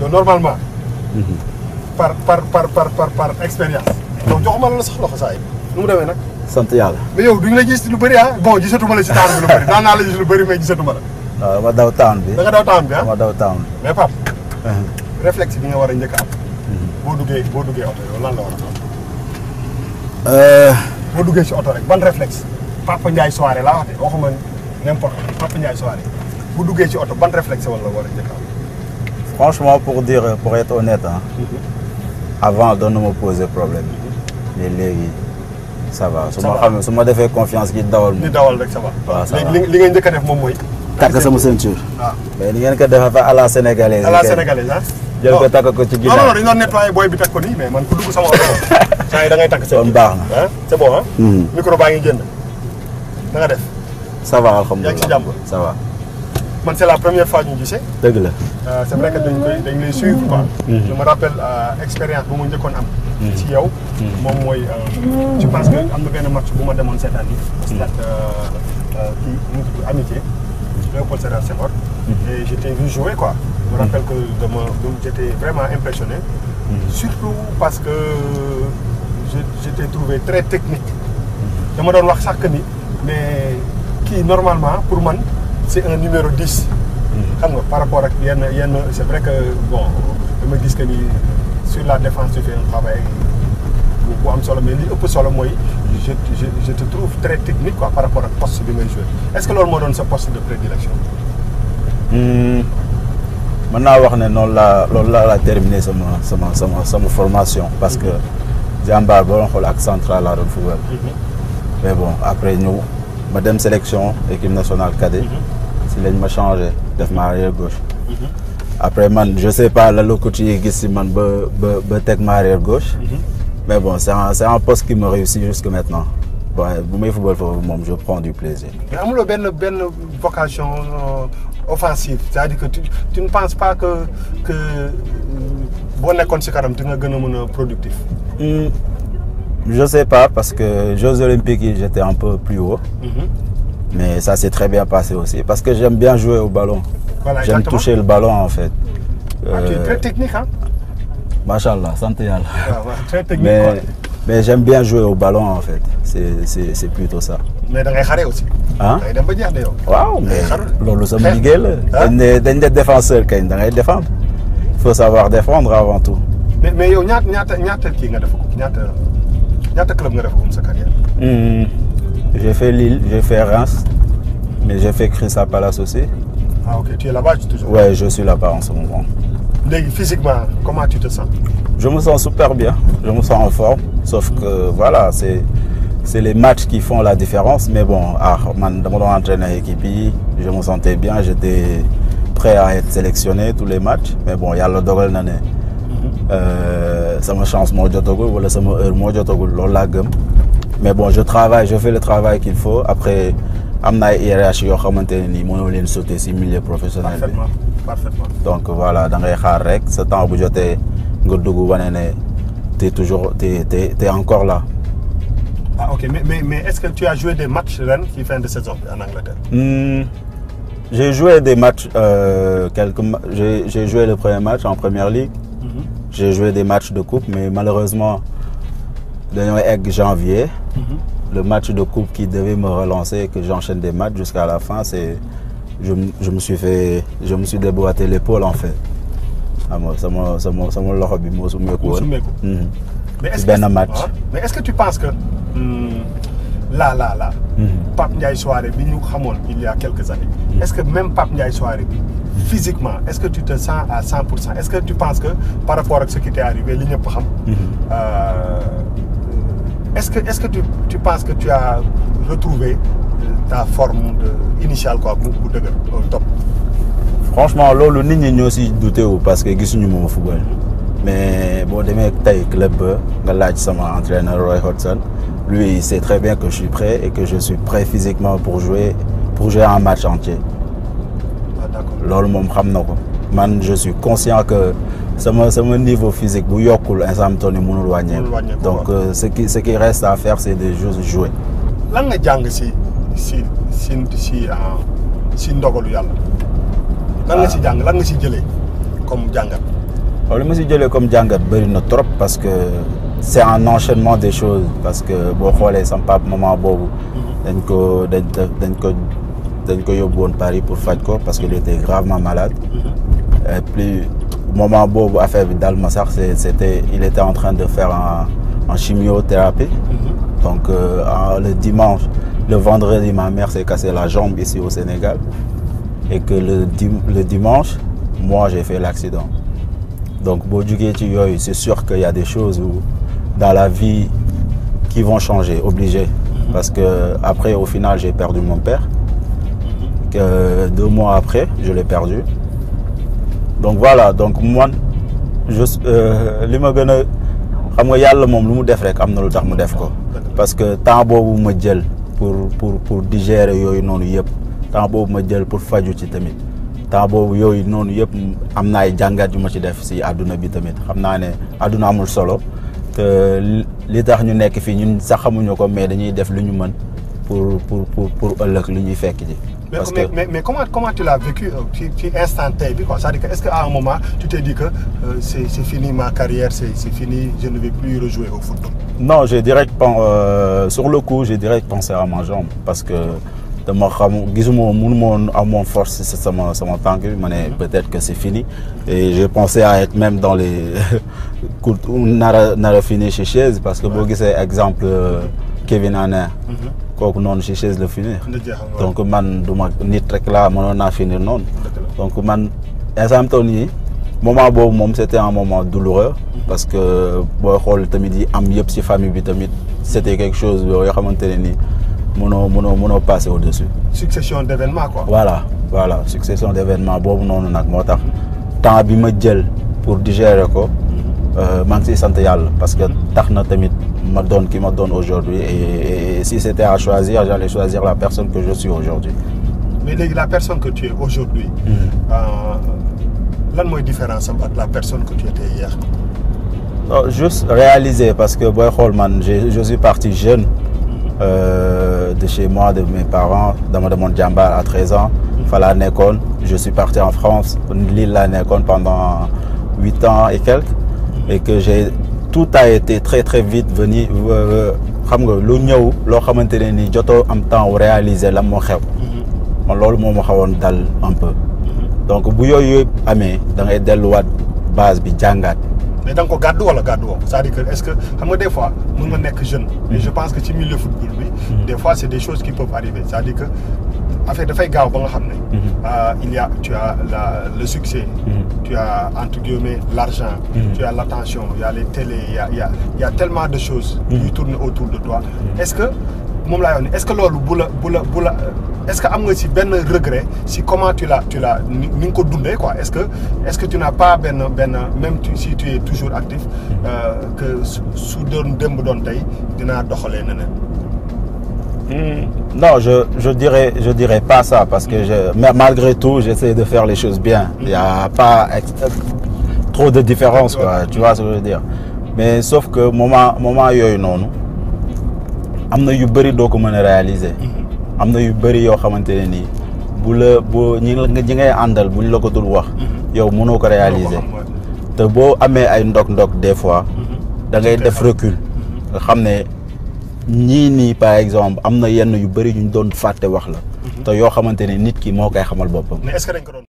yow normalement. Mhm. par par par par par par expérience. donc joxuma la la sax loxo saa yi nu mu demee nag. sant yàlla. mais yow duñu la gis lu bëri ah. bon gisatuma la si taan lu bëri daan naa la gis lu bëri mais gisatuma la. waaw ah, dama daw taan bi. da nga daw taan bi ah dama daw taan bi. mais Pape. Mhm. réflexe bi nga war a njëkk am. Mhm. boo duggee boo duggee oto yow lan la war a doon. Euh. boo duggee si oto rek ban réflexe Papa Ndiaye soirée laa wax de waxuma n'importe Papa Ndiaye soirée bu duggee ci oto ban réflexe wala war a franchement pour dire pour être honnête a mhm. avant doon na ma poser problème. mais mhm. léegi ça va. su ma xam su ma defee confiance gi dawal moom. di dawal rek ça va. waaw ça va léegi li ngay njëkk a def moom mooy. takk sama ceinture. waaw ah. ah. mais ni ngeen ko defee fa à la sénégalaise. à la sénégalaise ah. jël ko takk ko ci ginnaaw non non dañu doon nettoyer booy bi takk ko nii mais man ku dugg sama oto. saa yi da ngay takk sa. kon baax na ah c'est bon ah. micro baa ngi génn. na nga def. ça va alhamdulilah yaa ngi ci jàmm ça man c' la première fois ñu gisee. dëgg la euh, c' est vrai que dañ koy dañ lay suivre quoi. Mhm. je me euh, expérience bu ma njëkkoon am. Mhm. ci yow. Mhm. moom mooy euh, je pense que am na benn match bu ma demoon cette année. stade kii nu mu tudd amitié. Léopold Sédar Senghor. et j' étais vu quoi. je me que dama j' vraiment impressionné. surtout parce que je j' étais trouvé très technique. dama doon wax sax ni mais kii normalement pour man. c'est un numéro 10. xam nga par rapport ak yenn yenn c'est vrai que bon dama gis que ni sur la défense tu fais un travail bu am solo mais li ëpp solo mooy je je je te trouve très technique quoi par rapport ak poste bi ngay joué est-ce que loolu moo doon sa poste de prédilection. Hmm. mën naa wax ne noonu laa loolu laa la terminé sama sama sama sama formation. parce que jàmbaar boo doon xool ak central laa doon football. Mhm. mais bon après ñëw ma dem sélection équipe nationale cadet. Mhm. si lañ ma changé def ma arrière gauche. Mm-hmm. après man je sais pas la coach yi gis si man ba ba ba teg ma arrière gauche. Mm-hmm. mais bon c' est un c' est un poste qui me réussit jusque maintenant waaye bu may football foofu moom je prends du plaisir. mais amuloo benn benn vocation euh, offensive c'est-à-dire que tu tu ne penses pas que que euh, boo nekkoon si kanam di nga gën a mën a productif. Hmm, je sais pas parce que Jeux olympiques yi Mais ça s'est très bien passé aussi parce que j'aime bien jouer au ballon. Voilà, j'aime toucher le ballon en fait. Ah, euh, tu es euh, très technique, hein Machallah, santé Allah. Ah, ouais, très technique. Mais, quoi. mais j'aime bien jouer au ballon en fait. C'est plutôt ça. mais da ngay xare aussi. ah da ngay dem ba jeex de yow. waaw mais loolu sama liggéey la. dañ ne dañ ne défenseur kañ da ngay défendre. il faut savoir mais yow ñaata ñaata ñaata kii nga def ko ñaata J'ai fait Lille, j'ai fait Reims, mais j'ai fait Crissa Palace aussi. Ah ok, tu je suis là-bas en ce moment. Léegi physiquement, comment tu te sens Je me sens super bien, je me sens en forme, sauf que voilà, c'est c'est les matchs qui font la différence mais bon, ah man dama doon entraîner équipe yi, je me sentais bien, j'étais prêt à être sélectionné tous les matchs mais bon, yàlla dogal na ne mhm. euh, sama chance moo jotagul wala sama heure moo jotagul loolu laa gëm. mais bon je travaille je fais le travail qu'il faut après am na ay hiérarchie yoo xamante ne nii mënoo leen sauter si milieu professionnel bi. parfaitement parfaitement. donc voilà da ngay xaar rek sa temps bu jotee nga dugg wane ne t'es toujours t'es t'es t'es encore là. ah ok mais mais mais est-ce que tu as joué des matchs ren ci fin de saison bi en Angleterre. Mmh, j'ai joué des matchs euh, quelques j'ai j'ai joué le premier match en première ligue. Mmh. j'ai joué des matchs de coupe mais malheureusement. dañoo egg janvier. Mhm. le match de coupe qui devait m relancer et j'enchaîne des matchs jusqu'à la fin c'est je je me suis fait je me en fait xam sama sama sama loxo bi moo summeeku woon. Mhm. ci benn match ah, mais est-ce que tu penses que. là là là. Pape Ndiaye soirée bi ñu il y a quelques années. Mhm. est-ce que même Pape Ndiaye soirée bi. physiquement est-ce que tu à 100 pour cent est-ce que tu penses que par rapport ce qui t'est arrivé li ñëpp xam. Euh, est-ce que, est-ce que tu, tu, penses que tu as retrouvé euh, ta forme de, initiale quoi, pour, Franchement, loolu nit ñi ñoo si douté wu parce que gisuñu moom football mais boo demee tey club ba nga laaj sama entraîneur Roy Hodgson lui il sait très bien que je suis prêt et que je suis prêt physiquement pour jouer pour match entier. Ah, loolu moom xam na ko man je suis conscient que sama sama niveau physique bu yokkul instant toll nii mënul wàññeeku. donc euh, ce qui ce qui reste à faire c'est de juste jouer. lan nga jàng si si si si ah, si ndogalu yàlla. lan nga si ah. jàng lan nga si jëlee comme jàngat. waaw li si jëlee comme jàngat bëri na trop parce que c'est un enchaînement des choses parce que boo xoolee sama papa moment boobu. Mm-hmm. dañ ko dañ dañ ko dañ ko yóbbu woon Paris pour faj ko parce que il était gravement malade. Mm-hmm. et puis moment boobu affaire bi dal ma sax c' était il était en train de faire en en chimiothérapie. Mm -hmm. donc euh, le dimanche le vendredi ma mère s'est cassé la jambe ici au Sénégal et que le dim le dimanche moi j'ai fait l'accident donc boo jugee ci yooyu c' est sûr que y a des choses où, dans la vie qui vont changer obligé. Mm-hmm. parce que après au final j'ai perdu mon père. Mm-hmm. que deux mois après je l'ai perdu. donc voilà donc man juste euh, li ma gën a xam nga yàlla moom lu mu def rek am na lu tax mu def ko parce que temps boobu ma jël pour pour pour digérer yooyu noonu yëpp temps boobu ma jël pour faju ci tamit temps boobu yooyu noonu yëpp am na ay jàngat yu ma ci def si àdduna bi tamit xam naa ne àdduna amul solo te li tax ñu nekk fii ñun sax xamuñu ko mais dañuy def lu ñu mën pour pour pour pour ëllëg lu ñuy fekk ji. parce que mais mais comment comment tu l'as vécu euh, ci ci instant tey bi quoi c'est-à-dire que est-ce que à un moment tu t'es dit que euh, c'est c'est fini ma carrière c'est c'est fini je ne vais plus rejouer au foot. non j'ai direct pen euh, sur le coup j'ai direct pensé à ma jambe parce que dama xam gisuma mënu moon amoon force si sama sama tànk bi ma ne mhm. peut-être que c'est fini et j'ai pensé à être même dans les nar a nar a fini chez Chaise parce que boo gisee exemple Kevin Aner mhm. kooku noonu si chaise la finir donc man du ma nit rek laa mënoon naa noonu donc man instant toll nii boobu moom c' était un moment douloureux mm-hmm. parce que booy xool tamit yi am yëpp si famille bi tamit c' était quelque chose yoo xamante ne nii mënoo mënoo mënoo passer au dessus succession d' événement quoi voilà voilà succession d' événement boobu noonu nag moo tax temps bi ma jël pour digérer ko mm-hmm. euh, maa ngi siy sant yàlla parce que mm-hmm. tax na tamit me donne qui me donne aujourd'hui. Et, et, et, si c'était à choisir, j'allais choisir la personne que je suis aujourd'hui. Mais la personne que tu es aujourd'hui, mm -hmm. euh, lan mooy différence entre la personne que tu étais hier. non juste réaliser parce que booy xool man je suis parti jeune. Mm. Euh, de chez moi de mes parents dama demoon jàmbaar à 13 ans. Mm. fa laa nekkoon je suis parti en France Lille laa nekkoon pendant huit ans et quelques. Mm. et que j'ai tout a été très très vite venu euh, euh, xam nga lu ñëw loo xamante ne ni jotoo am temps réaliser la moo xew mhm. man loolu moo ma xawoon dal un peu mhm. donc bu yooyu yëpp amee da delluwaat base bi jàngaat mais da nga ko gàddu wala gàddu woo c'est-à-dire que est-ce que xam nga des fois mën nga nekk jeune mais mhm. je pense que ci milieu football bi des fois c'est des choses qui peuvent arriver affaire dafay gaaw ba nga xam ne. Mhm. Ah, il a tu la le succès. Mhm. tu as entre guillemets l'argent. Mhm. tu as l'attention il y a télé il tellement de choses. yuy tourner autour de toi. est-ce que moom laa wax ne est-ce que loolu bu la bu la est-ce que am nga si benn regret si comment tu la tu ni nga ko dundee ko est-ce que est-ce que tu n'as pas benn benn même si tu es toujours actif euh, que su doon démb doon tey dinaa doxalee neneen. Mmh. Non, je je dirais je dirais pas ça parce que je mais malgré tout, j'essaie de faire les choses bien. Mm. Il y a pas euh, trop de différence quoi, tu vois ce que je dire. Mais sauf que moment moment yooyu noonu am na yu bëri doo ko mën réaliser. Mm-hmm. am na yu bëri yoo xamante ne nii bu la bu ñi ñi ngay àndal buñ la ko dul wax. Mm-hmm. yow mënoo ko réaliser. te boo amee ay ndok-ndok des fois. Mm-hmm. da ngay def recul nga xam ne. ñii nii par exemple am na yenn yu bëri ñu doon fàtte wax la. Mhm. te yoo xamante ne nit ki moo koy xamal boppam. mais est ko doon